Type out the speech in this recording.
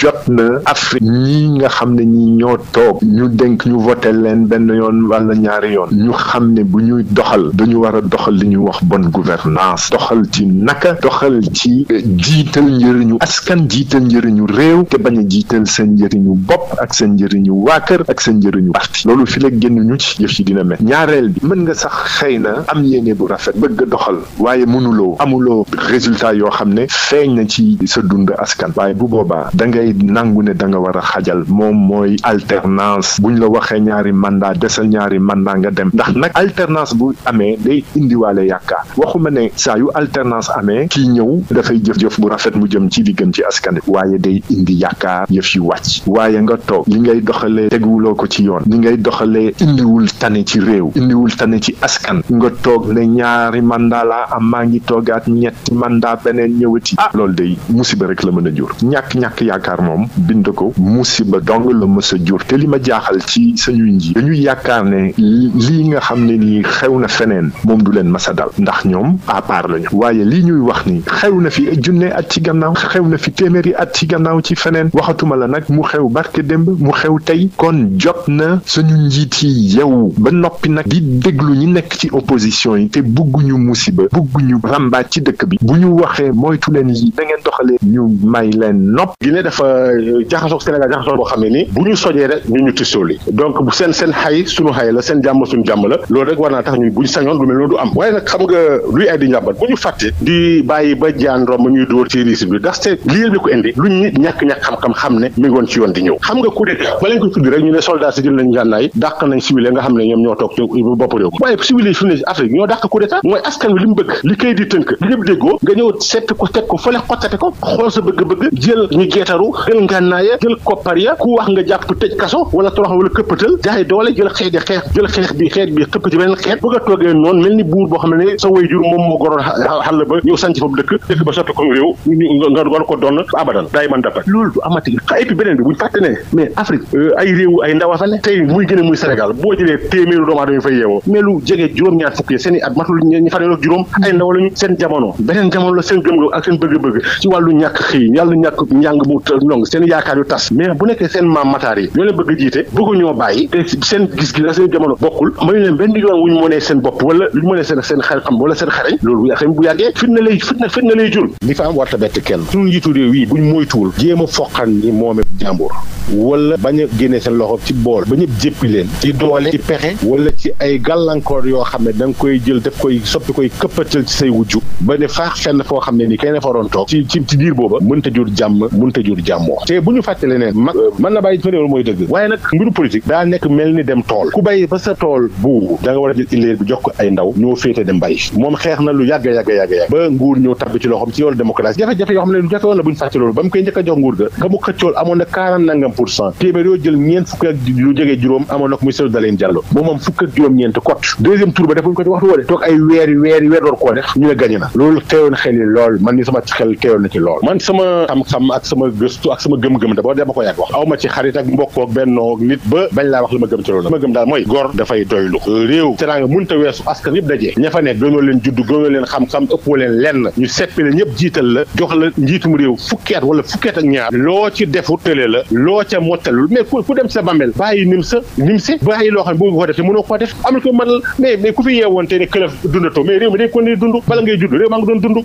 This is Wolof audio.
jot na Afrique ñi nga xam ne ñi ñoo toog ñu denk ñu voté leen benn yoon wala ñaari yoon ñu xam ne bu ñuy doxal dañu war a doxal li ñuy wax bonne gouvernance doxal ci naka doxal ci eh, jiital njëriñu askan jiital njëriñu réew te bañ a jiital seen njëriñu bopp ak seen njëriñu waa kër ak seen njëriñu parti loolu fi la génn ñu ci yëf ci dina mel ñaareel bi mën nga sax xëy na am yéene bu rafet bëgg a doxal waaye mënuloo amuloo résultat yoo xam ne feeñ na ci sa dund askan waaye bu boobaa da ngay nangu ne da nga war a xajal moom mooy alternance buñ la waxee ñaari mandat desal ñaari mandat nga dem ndax nag alternance bu amee day indiwaale yaakaar waxuma ne saa yu alternance amee ki ñëw dafay jëf-jëf bu rafet mu jëm ci di ci askan waaye dey indi yaakaar yëf yi wàcc waaye nga toog li ngay doxalee teguwuloo ko ci yoon li ngay doxalee indiwul tane ci réew indiwul tane ci askan nga toog ne ñaari mandat laa am maa ngi toggaat ñetti mandat beneen ñëwati ah loolu day musiba rek mën a jur yaakaar moom bind ko musiba dong la mës a jur te li ma jaaxal ci sañuy nga xam ne nii xew na feneen moom du leen mës a dal ndax ñoom à part lañu waaye lii ñuy wax ni xew na fi junne at ci gannaaw xew na fi téeméeri at ci gannaaw ci feneen waxatuma la nag mu xew barke démb mu xew tey kon jot na suñu njiit yi yow ba noppi nag di déglu ñu nekk ci opposition yi te bugguñu musiba bugguñu rambaaj ci dëkk bi bu ñu waxee moytu yi na ngeen ñu may leen nopp ne dafa euh, jaxasoog Sénégal jaxasoog boo xam nii bu ñu sojee rek ñu ñu tisooli donc seen seen xay suñu xay la seen jàmm suñu jàmm la loolu rek war naa tax ñu ñu fàtte di xam-xam xam ne mi ngi ci yoon di ñëw xam nga coup d'état ba ko tuddi rek ñu ne soldat si jël nañ gànnaay dàq nañ civil nga xam ne ñoom ñoo toog bopp réew waaye civil yi Afrique ñoo dàq coup d'état mooy askan wi li bëgg li kay di tënk li ñëpp déggoo nga ñëw setti ko teg ko fële xeetaru jël ngànnaaya jël koppar ya ku nga a toogee noonu a fa ne tey muy gën a boo jëlee téeméeru doomu aadama fay yeewoo mais jege juróom-ñaar fukk yi seen at matul ñu fanweer ak juróom ay ndaw seen jamono beneen jamono la seen gëm-gëm ak seen bëgg-bëgg ci wàllu ñàkk xëy yàlla ñàkk njàng bu mu seen yaakaar yu tas mais bu nekkee seen maam mataar yi ñoo leen bëgg jiite bëggu bàyyi seen gis-gis la seen jamono bokkul mayu leen benn yoon wuñ mënee seen bopp wala luñ mënee seen seen seen xarañ loolu bu yàggee fitna lay fitna fitna lay jur li fa am warta bett kenn suñu njiitu réew yi buñ moytuwul jéem a foqan ni moome jàmbur wala bañ a génnee seen loxo ci bool ba ñëpp jéppi leen ci doole ci pexe wala ci ay gàllankoor yoo xam ne da nga koy jël daf koy soppi koy ba ne faax fenn foo xam jur jàmmoo te a jafe-jafe yoo xam ne lu jafe woon a nguur ga ka mu xëccool amoon na quarante nangam pour cent téeméer yoo jël ñeent fukk ak lu jógee juróom amoon na muy Cellou Dalein Diallo moom moom fukk ak juróom-ñeent cote deuxième tour ba defuñ ko ci waxtu woo toog ay weer weer weer door koo def ñu ne gañe na loolu teewoon xel lool man sama xel teewoon na ci lool gëstu ak sama gëm-gëm ma ci xarit ak mbokk ak laa wax li ma gëm ma gëm daal mooy gor dafay doylu réew teraanga mënut a weesu askan yëpp dajee ña fa nekk gënoo leen judd gënoo leen xam-xam ëppoo leen lenn ñu la ñëpp la jox la njiitum wala fukki at ak loo ci defut tële la loo ca mottalul mais ku dem loo xam ne bëgg ko def te mënoo ko def mais ku fi yeewoon te këlëf dundatoo mais réew mi day continuer dund bala ngay judd réew maa ngi doon dund